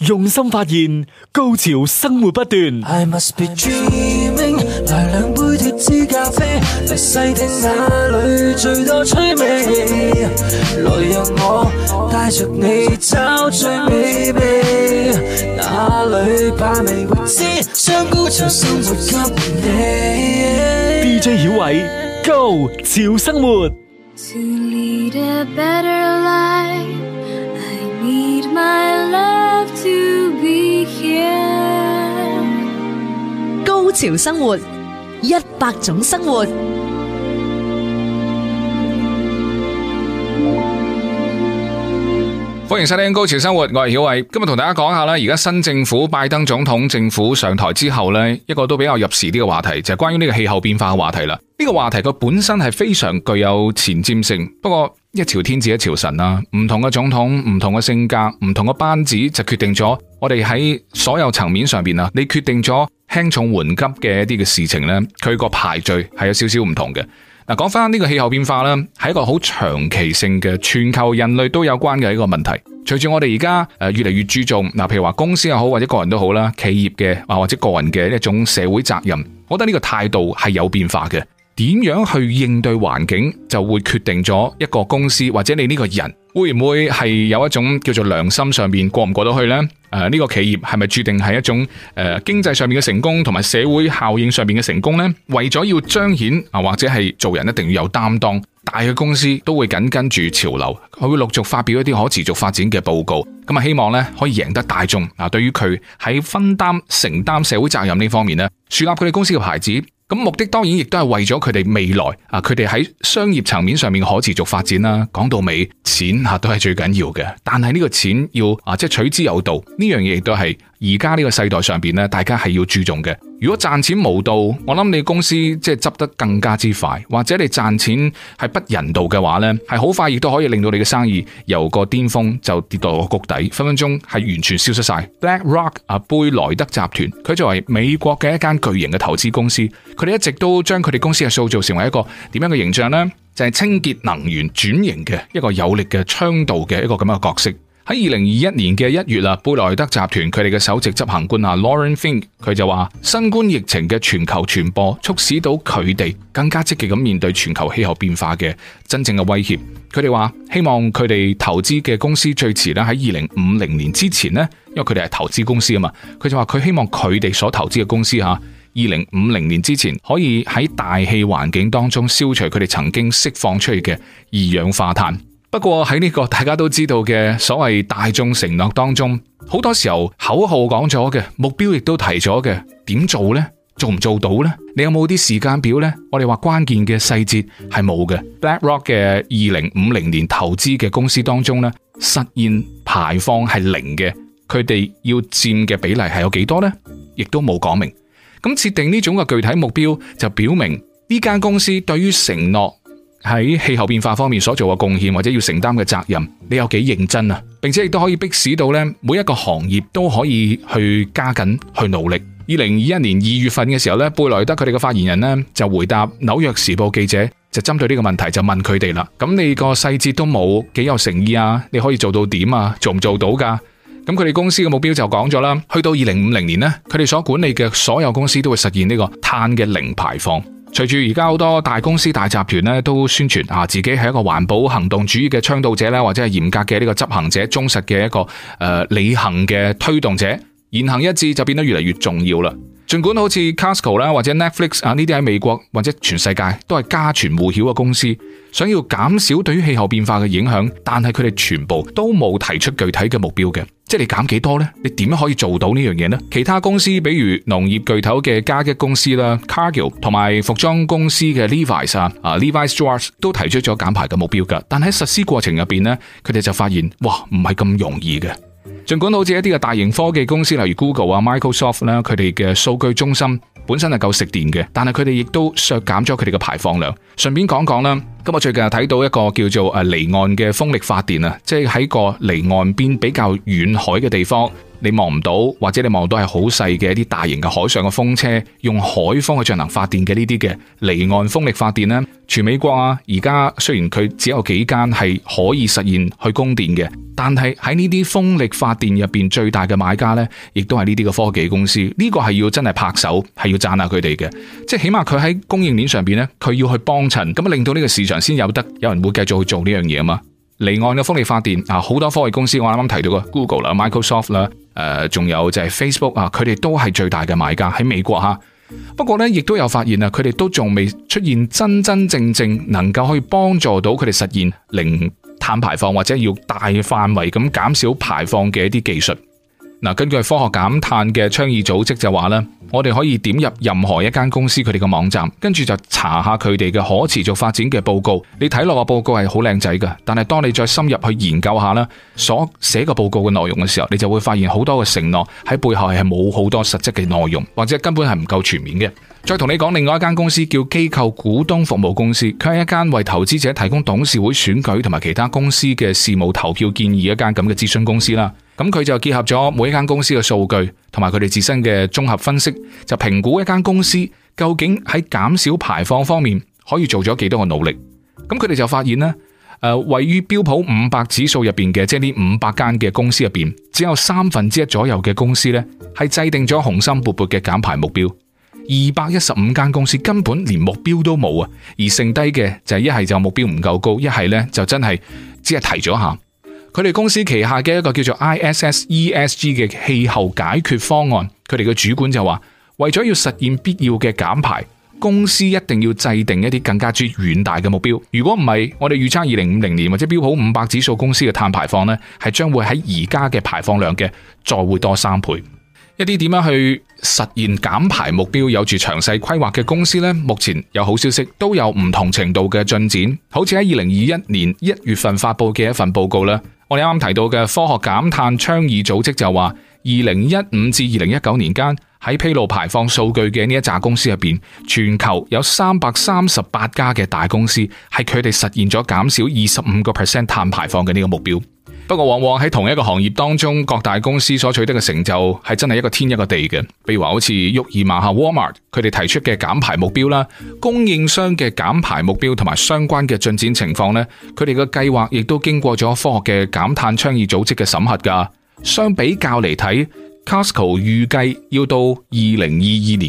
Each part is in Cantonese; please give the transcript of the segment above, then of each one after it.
用心發現，高潮生活不斷。DJ 小偉，Go 潮生活。Here? 高潮生活，一百種生活。歡迎收聽《高潮生活》，我係曉偉。今日同大家講下咧，而家新政府拜登總統政府上台之後呢一個都比較入時啲嘅話題，就係、係、關於呢個氣候變化嘅話題啦。呢、呢個話題佢本身係非常具有前瞻性，不過。一朝天子一朝臣啦，唔同嘅總統，唔同嘅性格，唔同嘅班子就決定咗我哋喺所有層面上邊啦。你決定咗輕重緩急嘅一啲嘅事情咧，佢個排序係有少少唔同嘅。嗱，講翻呢個氣候變化啦，係一個好長期性嘅全球人類都有關嘅一個問題。隨住我哋而家越嚟越注重嗱，譬如話公司又好或者個人都好啦，企業嘅啊或者個人嘅一種社會責任，我覺得呢個態度係有變化嘅。點樣去應對環境，就會決定咗一個公司或者你呢個人會唔會係有一種叫做良心上面過唔過得去呢？誒、呃，呢、呢個企業係咪注定係一種誒、呃、經濟上面嘅成功，同埋社會效應上面嘅成功呢？為咗要彰顯啊，或者係做人一定要有擔當，大嘅公司都會緊跟住潮流，佢會陸續發表一啲可持續發展嘅報告。咁啊，希望呢可以贏得大眾。嗱，對於佢喺分擔、承擔社會責任呢方面呢，樹立佢哋公司嘅牌子。咁目的當然亦都係為咗佢哋未來啊，佢哋喺商業層面上面可持續發展啦、啊。講到尾，錢、啊、都係最緊要嘅，但係呢個錢要啊，即係、取之有道，呢樣嘢亦都係。而家呢個世代上邊呢，大家係要注重嘅。如果賺錢無道，我諗你公司即係執得更加之快，或者你賺錢係不人道嘅話呢，係好快亦都可以令到你嘅生意由個巔峰就跌到個谷底，分分鐘係完全消失晒。Black Rock 啊，貝萊德集團，佢作為美國嘅一間巨型嘅投資公司，佢哋一直都將佢哋公司嘅塑造成為一個點樣嘅形象呢？就係、是、清潔能源轉型嘅一個有力嘅倡導嘅一個咁樣嘅角色。喺二零二一年嘅一月啊，貝萊德集團佢哋嘅首席執行官啊，Lauren Fink，佢就話新冠疫情嘅全球傳播，促使到佢哋更加積極咁面對全球氣候變化嘅真正嘅威脅。佢哋話希望佢哋投資嘅公司最遲咧喺二零五零年之前，呢因為佢哋係投資公司啊嘛。佢就話佢希望佢哋所投資嘅公司吓，二零五零年之前可以喺大氣環境當中消除佢哋曾經釋放出去嘅二氧化碳。不過喺呢個大家都知道嘅所謂大眾承諾當中，好多時候口號講咗嘅目標亦都提咗嘅，點做呢？做唔做到呢？你有冇啲時間表呢？我哋話關鍵嘅細節係冇嘅。BlackRock 嘅二零五零年投資嘅公司當中呢，實現排放係零嘅，佢哋要佔嘅比例係有幾多呢？亦都冇講明。咁設定呢種嘅具體目標，就表明呢間公司對於承諾喺氣候變化方面所做嘅貢獻或者要承擔嘅責任，你有幾認真啊？並且亦都可以逼使到咧每一個行業都可以去加緊去努力。二零二一年二月份嘅時候咧，貝萊德佢哋嘅發言人呢就回答紐約時報記者，就針對呢個問題就問佢哋啦。咁你個細節都冇，幾有誠意啊？你可以做到點啊？做唔做到噶？咁佢哋公司嘅目標就講咗啦，去到二零五零年呢，佢哋所管理嘅所有公司都會實現呢個碳嘅零排放。隨住而家好多大公司大集團咧，都宣傳啊自己係一個環保行動主義嘅倡導者咧，或者係嚴格嘅呢個執行者、忠實嘅一個誒、呃、理行嘅推動者，言行一致就變得越嚟越重要啦。盡管好似 Costco 啦或者 Netflix 啊呢啲喺美國或者全世界都係家傳戶曉嘅公司，想要減少對於氣候變化嘅影響，但係佢哋全部都冇提出具體嘅目標嘅，即係你減幾多呢？你點樣可以做到呢樣嘢呢？其他公司，比如農業巨頭嘅嘉吉公司啦 Cargill 同埋服裝公司嘅 Levi’s 啊，Levi Strauss 都提出咗減排嘅目標嘅，但喺實施過程入邊呢，佢哋就發現哇唔係咁容易嘅。儘管好似一啲嘅大型科技公司，例如 Google 啊、Microsoft 啦，佢哋嘅數據中心本身係夠食電嘅，但係佢哋亦都削減咗佢哋嘅排放量。順便講講啦，今日最近又睇到一個叫做誒離岸嘅風力發電啊，即係喺個離岸邊比較遠海嘅地方。你望唔到，或者你望到係好細嘅一啲大型嘅海上嘅風車，用海風去進行發電嘅。呢啲嘅離岸風力發電呢，全美國啊，而家雖然佢只有幾間係可以實現去供電嘅，但係喺呢啲風力發電入邊最大嘅買家呢，亦都係呢啲嘅科技公司，呢、呢個係要真係拍手，係要讚下佢哋嘅，即係起碼佢喺供應鏈上邊呢，佢要去幫襯，咁令到呢個市場先有得有人會繼續去做呢樣嘢嘛？離岸嘅風力發電啊，好多科技公司我啱啱提到嘅 Google 啦、啊、Microsoft 啦，誒，仲有就係 Facebook 啊，佢哋都係最大嘅買家喺美國吓。不過呢，亦都有發現啊，佢哋都仲未出現真真正正能夠可以幫助到佢哋實現零碳排放或者要大範圍咁減少排放嘅一啲技術。根據科學減碳嘅倡議組織就話呢，我哋可以點入任何一間公司佢哋嘅網站，跟住就查下佢哋嘅可持續發展嘅報告。你睇落個報告係好靚仔嘅，但係當你再深入去研究下呢，所寫嘅報告嘅內容嘅時候，你就會發現好多嘅承諾喺背後係冇好多實質嘅內容，或者根本係唔夠全面嘅。再同你講，另外一間公司叫機構股東服務公司，佢係一間為投資者提供董事會選舉同埋其他公司嘅事務投票建議一間咁嘅諮詢公司啦。咁佢就結合咗每一間公司嘅數據，同埋佢哋自身嘅綜合分析，就評估一間公司究竟喺減少排放方面可以做咗幾多個努力。咁佢哋就發現咧，誒、呃，位於標普五百指數入邊嘅，即係呢五百間嘅公司入邊，只有三分之一左右嘅公司呢，係制定咗雄心勃勃嘅減排目標，二百一十五間公司根本連目標都冇啊，而剩低嘅就係一係就目標唔夠高，一係呢就真係只係提咗下。佢哋公司旗下嘅一個叫做 ISS ESG 嘅氣候解決方案，佢哋嘅主管就話，為咗要實現必要嘅減排，公司一定要制定一啲更加之遠大嘅目標。如果唔係，我哋預測二零五零年或者標普五百指數公司嘅碳排放呢，係將會喺而家嘅排放量嘅再會多三倍。一啲點樣去實現減排目標，有住詳細規劃嘅公司呢，目前有好消息，都有唔同程度嘅進展。好似喺二零二一年一月份發布嘅一份報告啦。我哋啱啱提到嘅科學減碳倡議組織就話，二零一五至二零一九年間，喺披露排放數據嘅呢一扎公司入邊，全球有三百三十八家嘅大公司係佢哋實現咗減少二十五個 percent 碳排放嘅呢個目標。不過，往往喺同一個行業當中，各大公司所取得嘅成就係真係一個天一個地嘅。譬如話，好似沃爾瑪下 Walmart，佢哋提出嘅減排目標啦，供應商嘅減排目標同埋相關嘅進展情況呢，佢哋嘅計劃亦都經過咗科學嘅減碳倡議組織嘅審核噶。相比較嚟睇，Costco 預計要到二零二二年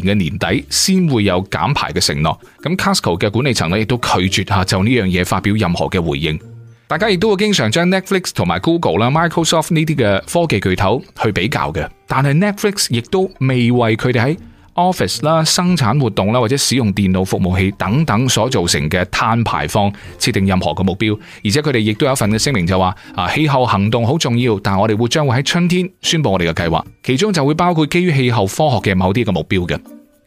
嘅年底先會有減排嘅承諾。咁 Costco 嘅管理層咧亦都拒絕下就呢樣嘢發表任何嘅回應。大家亦都會經常將 Netflix 同埋 Google 啦、Microsoft 呢啲嘅科技巨頭去比較嘅，但係 Netflix 亦都未為佢哋喺 Office 啦、生產活動啦，或者使用電腦服務器等等所造成嘅碳排放設定任何嘅目標。而且佢哋亦都有一份嘅聲明就話啊，氣候行動好重要，但係我哋會將會喺春天宣布我哋嘅計劃，其中就會包括基於氣候科學嘅某啲嘅目標嘅。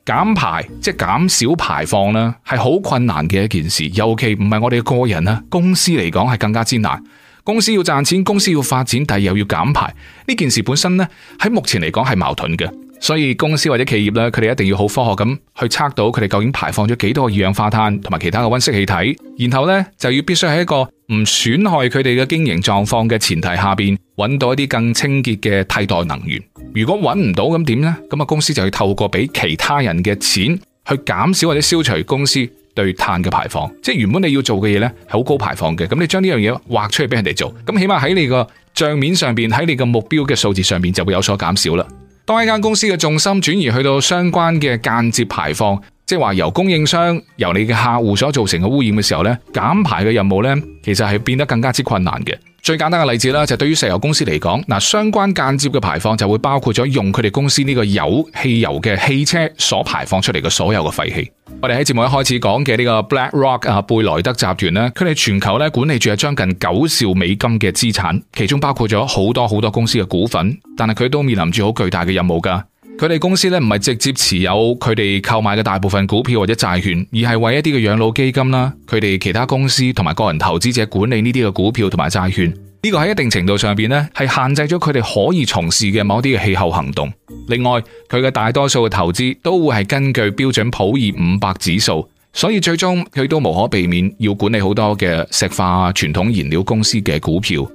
減排即係減少排放啦，係好困難嘅一件事，尤其唔係我哋個人啦，公司嚟講係更加之難。公司要賺錢，公司要發展，但係又要減排呢件事本身呢，喺目前嚟講係矛盾嘅。所以公司或者企業咧，佢哋一定要好科學咁去測到佢哋究竟排放咗幾多二氧化碳同埋其他嘅溫室氣體，然後呢，就要必須喺一個唔損害佢哋嘅經營狀況嘅前提下邊，揾到一啲更清潔嘅替代能源。如果搵唔到咁點呢？咁啊公司就要透過俾其他人嘅錢去減少或者消除公司對碳嘅排放，即係原本你要做嘅嘢咧係好高排放嘅。咁你將呢樣嘢劃出嚟俾人哋做，咁起碼喺你個賬面上邊喺你個目標嘅數字上邊就會有所減少啦。當一間公司嘅重心轉移去到相關嘅間接排放，即係話由供應商由你嘅客戶所造成嘅污染嘅時候咧，減排嘅任務咧其實係變得更加之困難嘅。最簡單嘅例子啦，就是，對於石油公司嚟講，嗱，相關間接嘅排放就會包括咗用佢哋公司呢個油、汽油嘅汽車所排放出嚟嘅所有嘅廢氣。我哋喺節目一開始講嘅呢個 BlackRock 啊，貝萊德集團咧，佢哋全球咧管理住係將近九兆美金嘅資產，其中包括咗好多好多公司嘅股份，但係佢都面臨住好巨大嘅任務噶。佢哋公司呢唔係直接持有佢哋購買嘅大部分股票或者債券，而係為一啲嘅養老基金啦、佢哋其他公司同埋個人投資者管理呢啲嘅股票同埋債券。呢、這個喺一定程度上面呢係限制咗佢哋可以從事嘅某啲嘅氣候行動。另外，佢嘅大多數嘅投資都會係根據標準普爾五百指數，所以最終佢都無可避免要管理好多嘅石化傳統燃料公司嘅股票。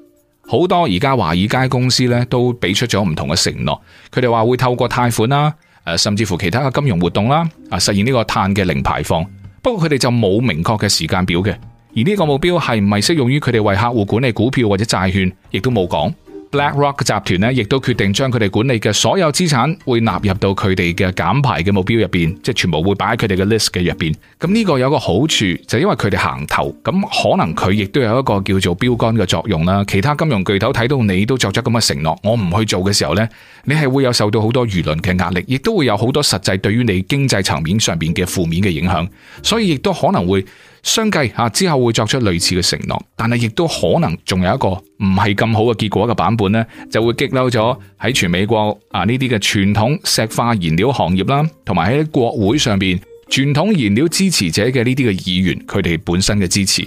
好多而家華爾街公司咧都俾出咗唔同嘅承諾，佢哋話會透過貸款啦，誒甚至乎其他嘅金融活動啦，啊實現呢個碳嘅零排放。不過佢哋就冇明確嘅時間表嘅，而呢個目標係唔係適用於佢哋為客戶管理股票或者債券，亦都冇講。BlackRock 集團咧，亦都決定將佢哋管理嘅所有資產會納入到佢哋嘅減排嘅目標入邊，即係全部會擺喺佢哋嘅 list 嘅入邊。咁呢個有個好處，就因為佢哋行頭，咁可能佢亦都有一個叫做標杆嘅作用啦。其他金融巨頭睇到你都作出咁嘅承諾，我唔去做嘅時候呢，你係會有受到好多輿論嘅壓力，亦都會有好多實際對於你經濟層面上面嘅負面嘅影響，所以亦都可能會。相繼嚇之後會作出類似嘅承諾，但係亦都可能仲有一個唔係咁好嘅結果嘅版本呢，就會激嬲咗喺全美國啊呢啲嘅傳統石化燃料行業啦，同埋喺國會上邊傳統燃料支持者嘅呢啲嘅議員，佢哋本身嘅支持。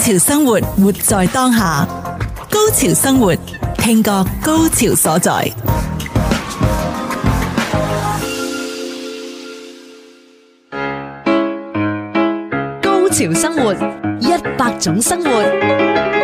高潮生活，活在當下。高潮生活，聽覺高潮所在。高潮生活，一百種生活。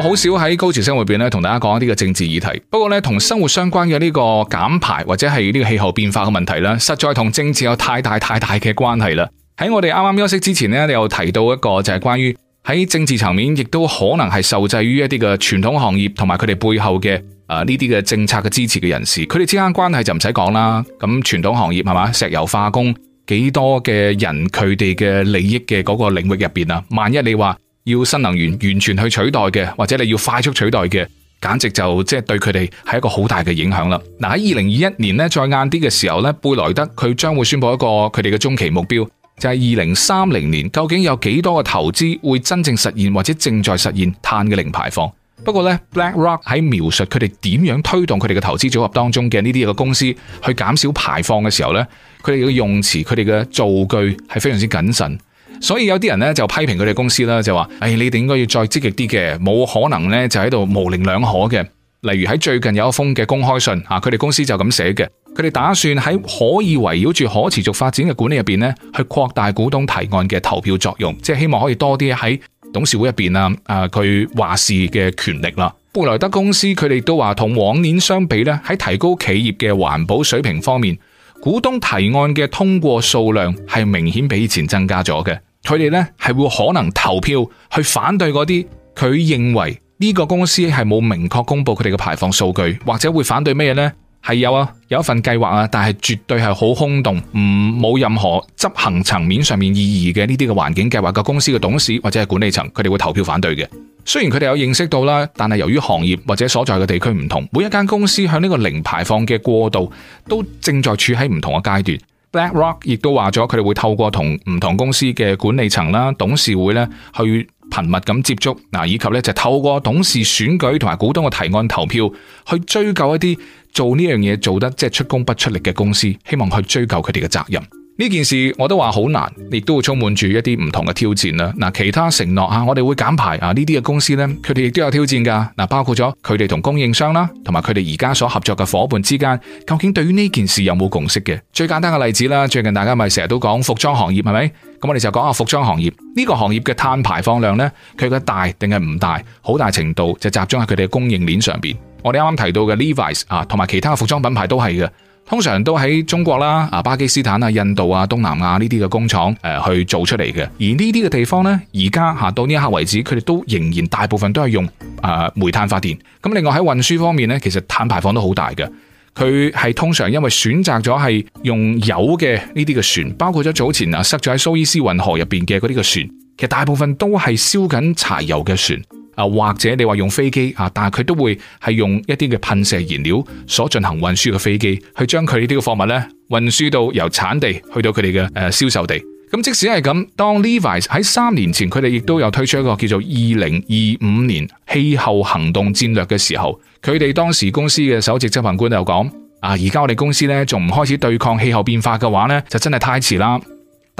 我好少喺高潮生活入邊咧，同大家講一啲嘅政治議題。不過咧，同生活相關嘅呢個減排或者係呢個氣候變化嘅問題咧，實在同政治有太大太大嘅關係啦。喺我哋啱啱休息之前呢，你又提到一個就係關於喺政治層面，亦都可能係受制於一啲嘅傳統行業同埋佢哋背後嘅誒呢啲嘅政策嘅支持嘅人士，佢哋之間關係就唔使講啦。咁傳統行業係嘛，石油化工幾多嘅人，佢哋嘅利益嘅嗰個領域入邊啊，萬一你話要新能源完全去取代嘅，或者你要快速取代嘅，簡直就即係對佢哋係一個好大嘅影響啦。嗱，喺二零二一年呢，再晏啲嘅時候呢，貝萊德佢將會宣布一個佢哋嘅中期目標，就係二零三零年究竟有幾多個投資會真正實現或者正在實現碳嘅零排放。不過呢，BlackRock 喺描述佢哋點樣推動佢哋嘅投資組合當中嘅呢啲嘅公司去減少排放嘅時候呢，佢哋嘅用詞，佢哋嘅造句係非常之謹慎。所以有啲人咧就批評佢哋公司啦，就話：誒、哎，你哋應該要再積極啲嘅，冇可能咧就喺度模棱兩可嘅。例如喺最近有一封嘅公開信，啊，佢哋公司就咁寫嘅，佢哋打算喺可以圍繞住可持續發展嘅管理入邊咧，去擴大股東提案嘅投票作用，即係希望可以多啲喺董事會入邊啊，啊，佢話事嘅權力啦。布萊德公司佢哋都話，同往年相比咧，喺提高企業嘅環保水平方面，股東提案嘅通過數量係明顯比以前增加咗嘅。佢哋咧，係會可能投票去反對嗰啲佢認為呢個公司係冇明確公布佢哋嘅排放數據，或者會反對咩呢？係有啊，有一份計劃啊，但係絕對係好空洞，唔冇任何執行層面上面意義嘅呢啲嘅環境計劃嘅公司嘅董事或者係管理層，佢哋會投票反對嘅。雖然佢哋有認識到啦，但係由於行業或者所在嘅地區唔同，每一間公司向呢個零排放嘅過渡都正在處喺唔同嘅階段。Black Rock 亦都話咗，佢哋會透過同唔同公司嘅管理層啦、董事會呢去頻密咁接觸，以及咧就透過董事選舉同埋股東嘅提案投票，去追究一啲做呢樣嘢做得即係出工不出力嘅公司，希望去追究佢哋嘅責任。呢件事我都話好難，亦都會充滿住一啲唔同嘅挑戰啦。嗱，其他承諾啊，我哋會減排啊，呢啲嘅公司咧，佢哋亦都有挑戰噶。嗱，包括咗佢哋同供應商啦，同埋佢哋而家所合作嘅伙伴之間，究竟對於呢件事有冇共識嘅？最簡單嘅例子啦，最近大家咪成日都講服裝行業係咪？咁我哋就講下服裝行業呢個行業嘅碳排放量呢，佢嘅大定係唔大，好大程度就集中喺佢哋嘅供應鏈上邊。我哋啱啱提到嘅 Levi’s 啊，同埋其他嘅服裝品牌都係嘅。通常都喺中國啦，啊，巴基斯坦啊、印度啊、東南亞呢啲嘅工廠誒去做出嚟嘅，而呢啲嘅地方呢，而家吓到呢一刻為止，佢哋都仍然大部分都係用誒煤炭發電。咁另外喺運輸方面呢，其實碳排放都好大嘅。佢係通常因為選擇咗係用油嘅呢啲嘅船，包括咗早前啊，塞咗喺蘇伊士運河入邊嘅嗰啲嘅船，其實大部分都係燒緊柴油嘅船。又或者你話用飛機啊，但係佢都會係用一啲嘅噴射燃料所進行運輸嘅飛機，去將佢呢啲嘅貨物呢運輸到由產地去到佢哋嘅誒銷售地。咁即使係咁，當 Levi's 喺三年前佢哋亦都有推出一個叫做二零二五年氣候行動戰略嘅時候，佢哋當時公司嘅首席執行官就講：啊，而家我哋公司呢，仲唔開始對抗氣候變化嘅話呢，就真係太遲啦。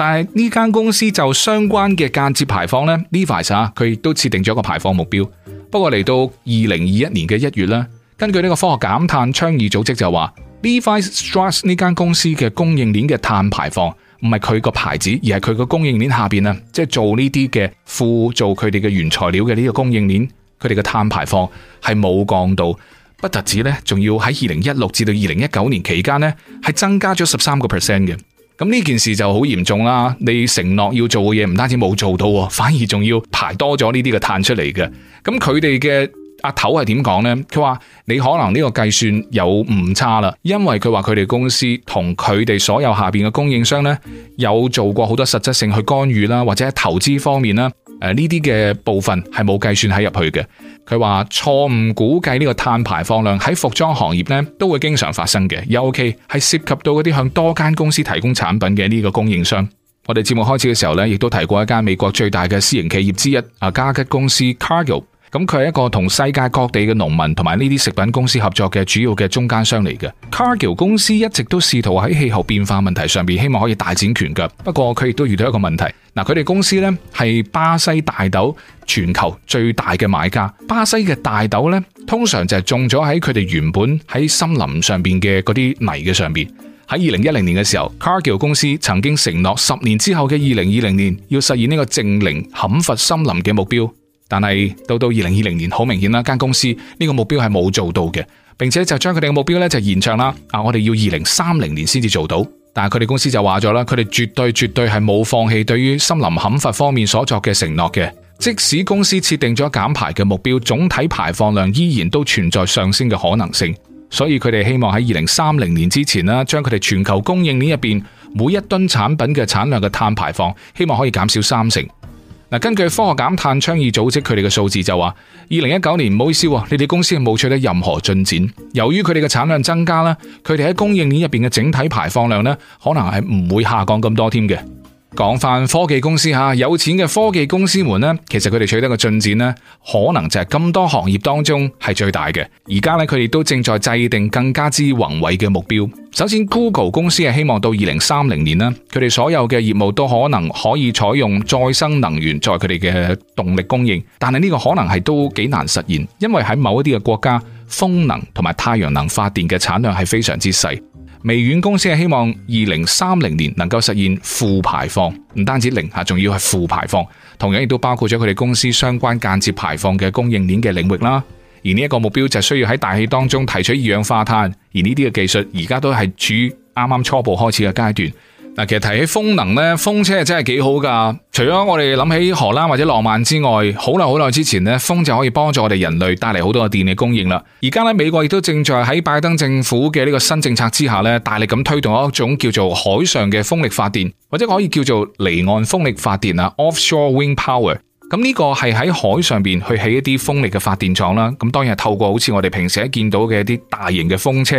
但係呢間公司就相關嘅間接排放呢 Levi's 啊，佢亦都設定咗一個排放目標。不過嚟到二零二一年嘅一月咧，根據呢個科學減碳倡議組織就話，Levi Strauss 呢間公司嘅供應鏈嘅碳排放唔係佢個牌子，而係佢個供應鏈下邊啊，即係做呢啲嘅輔助佢哋嘅原材料嘅呢個供應鏈，佢哋嘅碳排放係冇降到，不特止呢，仲要喺二零一六至到二零一九年期間呢，係增加咗十三個 percent 嘅。咁呢件事就好嚴重啦！你承諾要做嘅嘢唔單止冇做到，反而仲要排多咗呢啲嘅碳出嚟嘅。咁佢哋嘅阿頭係點講呢？佢話你可能呢個計算有誤差啦，因為佢話佢哋公司同佢哋所有下邊嘅供應商呢，有做過好多實質性去干預啦，或者喺投資方面啦。誒呢啲嘅部分係冇計算喺入去嘅。佢話錯誤估計呢個碳排放量喺服裝行業呢都會經常發生嘅，尤其係涉及到嗰啲向多間公司提供產品嘅呢個供應商。我哋節目開始嘅時候呢，亦都提過一間美國最大嘅私營企業之一啊，嘉吉公司 Cargo。咁佢係一個同世界各地嘅農民同埋呢啲食品公司合作嘅主要嘅中間商嚟嘅。Cargill 公司一直都試圖喺氣候變化問題上邊，希望可以大展拳腳。不過佢亦都遇到一個問題。嗱，佢哋公司咧係巴西大豆全球最大嘅買家。巴西嘅大豆咧，通常就係種咗喺佢哋原本喺森林上邊嘅嗰啲泥嘅上邊。喺二零一零年嘅時候，Cargill 公司曾經承諾十年之後嘅二零二零年，要實現呢個淨零砍伐森林嘅目標。但係到到二零二零年，好明顯啦，間公司呢個目標係冇做到嘅，並且就將佢哋嘅目標咧就延長啦。啊，我哋要二零三零年先至做到。但係佢哋公司就話咗啦，佢哋絕對絕對係冇放棄對於森林砍伐方面所作嘅承諾嘅。即使公司設定咗減排嘅目標，總體排放量依然都存在上升嘅可能性。所以佢哋希望喺二零三零年之前啦，將佢哋全球供應鏈入邊每一噸產品嘅產量嘅碳排放，希望可以減少三成。根據科學減碳倡議組織，佢哋嘅數字就話：二零一九年，唔好意思，你哋公司冇取得任何進展。由於佢哋嘅產量增加啦，佢哋喺供應鏈入邊嘅整體排放量咧，可能係唔會下降咁多添嘅。講翻科技公司吓，有錢嘅科技公司們呢，其實佢哋取得嘅進展呢，可能就係咁多行業當中係最大嘅。而家呢，佢哋都正在制定更加之宏偉嘅目標。首先，Google 公司係希望到二零三零年呢，佢哋所有嘅業務都可能可以採用再生能源作為佢哋嘅動力供應。但係呢個可能係都幾難實現，因為喺某一啲嘅國家，風能同埋太陽能發電嘅產量係非常之細。微軟公司係希望二零三零年能夠實現負排放，唔單止零吓，仲要係負排放，同樣亦都包括咗佢哋公司相關間接排放嘅供應鏈嘅領域啦。而呢一個目標就需要喺大氣當中提取二氧化碳，而呢啲嘅技術而家都係處於啱啱初步開始嘅階段。嗱，其實提起風能咧，風車真係幾好噶。除咗我哋諗起荷蘭或者浪漫之外，好耐好耐之前咧，風就可以幫助我哋人類帶嚟好多嘅電力供應啦。而家咧，美國亦都正在喺拜登政府嘅呢個新政策之下咧，大力咁推動一種叫做海上嘅風力發電，或者可以叫做離岸風力發電啊 （Offshore Wind Power）。咁呢個係喺海上邊去起一啲風力嘅發電廠啦，咁當然係透過好似我哋平時喺見到嘅一啲大型嘅風車，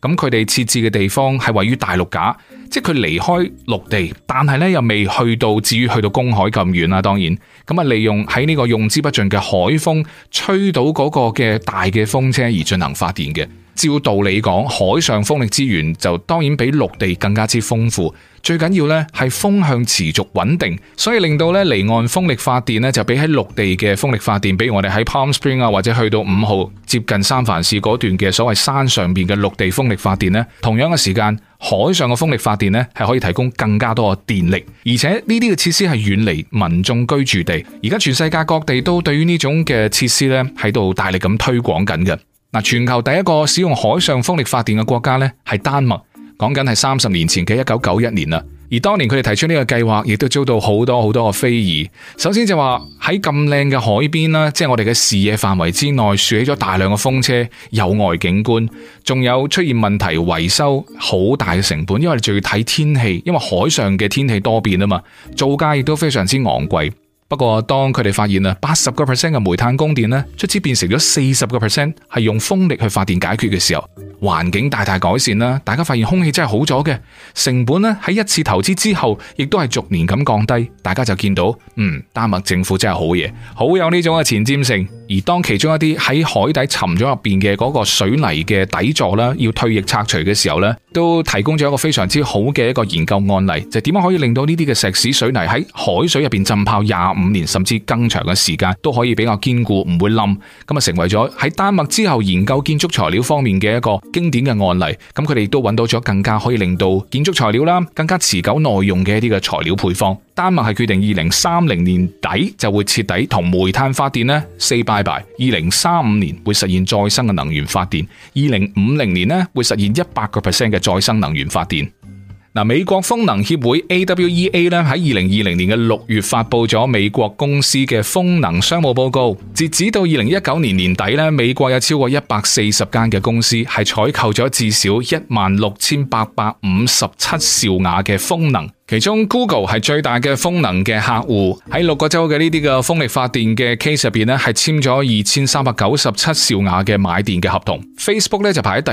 咁佢哋設置嘅地方係位於大陸架，即係佢離開陸地，但係咧又未去到至於去到公海咁遠啦。當然，咁啊利用喺呢個用之不盡嘅海風，吹到嗰個嘅大嘅風車而進行發電嘅。照道理講，海上風力資源就當然比陸地更加之豐富。最緊要咧係風向持續穩定，所以令到咧離岸風力發電咧就比起陸地嘅風力發電，比如我哋喺 Palm Spring 啊，或者去到五號接近三藩市嗰段嘅所謂山上邊嘅陸地風力發電咧，同樣嘅時間，海上嘅風力發電咧係可以提供更加多嘅電力，而且呢啲嘅設施係遠離民眾居住地。而家全世界各地都對於呢種嘅設施咧喺度大力咁推廣緊嘅。嗱，全球第一個使用海上風力發電嘅國家咧係丹麥。講緊係三十年前嘅一九九一年啦，而當年佢哋提出呢個計劃，亦都遭到好多好多嘅非議。首先就話喺咁靚嘅海邊啦，即係我哋嘅視野範圍之內，豎起咗大量嘅風車，有礙景觀。仲有出現問題維修，好大嘅成本，因為仲要睇天氣，因為海上嘅天氣多變啊嘛。造價亦都非常之昂貴。不過當佢哋發現啦，八十個 percent 嘅煤炭供電呢，逐漸變成咗四十個 percent 係用風力去發電解決嘅時候。環境大大改善啦，大家發現空氣真係好咗嘅，成本呢，喺一次投資之後，亦都係逐年咁降低，大家就見到，嗯，丹麥政府真係好嘢，好有呢種嘅前瞻性。而當其中一啲喺海底沉咗入面嘅嗰個水泥嘅底座咧，要退役拆除嘅時候呢，都提供咗一個非常之好嘅一個研究案例，就點樣可以令到呢啲嘅石屎水泥喺海水入邊浸泡廿五年甚至更長嘅時間，都可以比較堅固唔會冧，咁啊成為咗喺丹麥之後研究建築材料方面嘅一個經典嘅案例。咁佢哋都揾到咗更加可以令到建築材料啦更加持久耐用嘅一啲嘅材料配方。丹麥係決定二零三零年底就會徹底同煤炭發電呢 say bye bye，二零三五年會實現再生嘅能源發電，二零五零年呢會實現一百個 percent 嘅再生能源發電。嗱，美國風能協會 AWEA 呢喺二零二零年嘅六月發布咗美國公司嘅風能商務報告，截止到二零一九年年底呢，美國有超過一百四十間嘅公司係採購咗至少一萬六千八百五十七兆瓦嘅風能。其中 Google 係最大嘅風能嘅客戶，喺六個州嘅呢啲嘅風力發電嘅 case 入邊咧，係簽咗二千三百九十七兆瓦嘅買電嘅合同。Facebook 咧就排喺第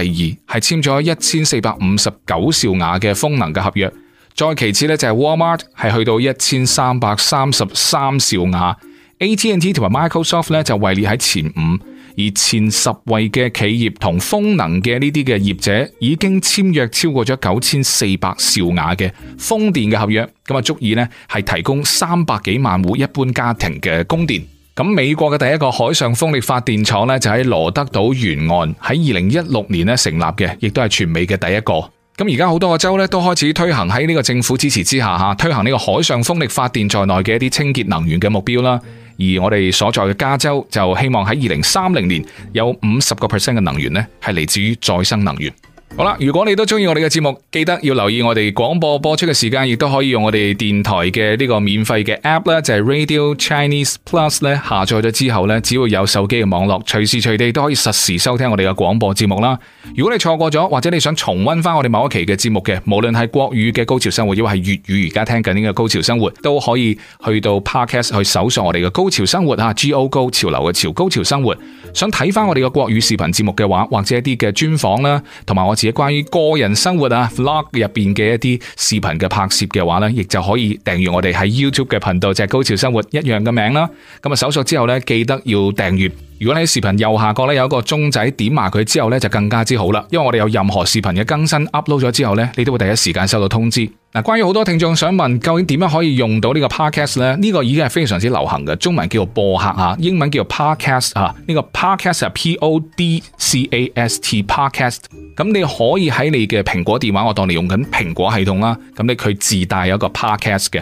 二，係簽咗一千四百五十九兆瓦嘅風能嘅合約。再其次呢，就係 Walmart 係去到一千三百三十三兆瓦，AT&T 同埋 Microsoft 咧就位列喺前五。而前十位嘅企業同風能嘅呢啲嘅業者已經簽約超過咗九千四百兆瓦嘅風電嘅合約，咁啊足以呢係提供三百幾萬戶一般家庭嘅供電。咁美國嘅第一個海上風力發電廠呢，就喺羅德島沿岸喺二零一六年呢成立嘅，亦都係全美嘅第一個。咁而家好多個州咧都開始推行，喺呢個政府支持之下吓，推行呢個海上風力發電在內嘅一啲清潔能源嘅目標啦。而我哋所在嘅加州就希望喺二零三零年有五十個 percent 嘅能源咧係嚟自於再生能源。好啦，如果你都中意我哋嘅節目，記得要留意我哋廣播播出嘅時間，亦都可以用我哋電台嘅呢個免費嘅 app 咧，就係 Radio Chinese Plus 咧，下載咗之後呢，只要有手機嘅網絡，隨時隨地都可以實時收聽我哋嘅廣播節目啦。如果你錯過咗，或者你想重溫翻,我哋某一期嘅節目嘅，無論係國語嘅高潮生活，亦或係粵語而家聽緊呢個高潮生活，都可以去到 Podcast 去搜索我哋嘅高潮生活啊，G O Go 潮流嘅潮高潮生活。想睇翻我哋嘅國語視頻節目嘅話，或者一啲嘅專訪啦，同埋我。或者關於個人生活啊，Vlog 入邊嘅一啲視頻嘅拍攝嘅話呢，亦就可以訂閱我哋喺 YouTube 嘅頻道，就係高潮生活一樣嘅名啦。咁啊，搜索之後呢，記得要訂閱。如果你喺視頻右下角咧有一個鐘仔，點埋佢之後咧就更加之好啦。因為我哋有任何視頻嘅更新 upload 咗之後咧，你都會第一時間收到通知。嗱，關於好多聽眾想問，究竟點樣可以用到個呢個 podcast 咧？呢、呢個已經係非常之流行嘅，中文叫做播客吓，英文叫做 podcast 吓、啊，呢、呢個 podcast 係 p-o-d-c-a-s-t podcast。咁你可以喺你嘅蘋果電話，我當你用緊蘋果系統啦。咁你佢自帶有一個 podcast 嘅。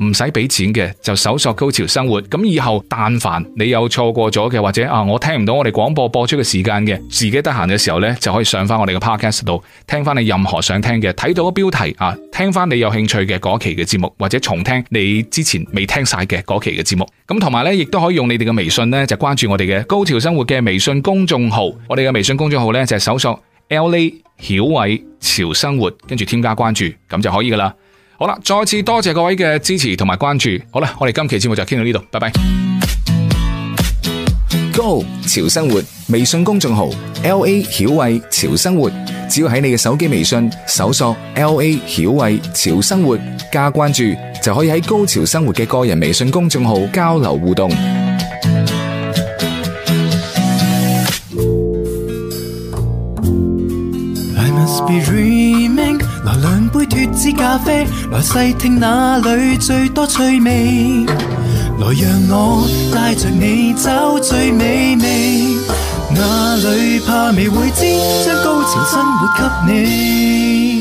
唔使俾錢嘅，就搜索高潮生活。咁以後但凡你有錯過咗嘅，或者啊，我聽唔到我哋廣播播出嘅時間嘅，自己得閒嘅時候呢，就可以上翻我哋嘅 podcast 度聽翻你任何想聽嘅，睇到個標題啊，聽翻你有興趣嘅嗰期嘅節目，或者重聽你之前未聽晒嘅嗰期嘅節目。咁同埋呢，亦都可以用你哋嘅微信呢，就關注我哋嘅高潮生活嘅微信公眾號。我哋嘅微信公眾號呢，就係搜索 LA 曉偉潮生活，跟住添加關注，咁就可以噶啦。好啦，再次多謝各位嘅支持同埋關注。好啦，我哋今期節目就傾到呢度，拜拜。高潮生活微信公眾號 L A 曉慧潮生活，只要喺你嘅手機微信搜索 L A 曉慧潮生活加關注，就可以喺高潮生活嘅個人微信公眾號交流互動。拿兩杯脱脂咖啡，來細聽那裏最多趣味。來讓我帶着你找最美味，哪裏怕未會知，將高潮生活給你。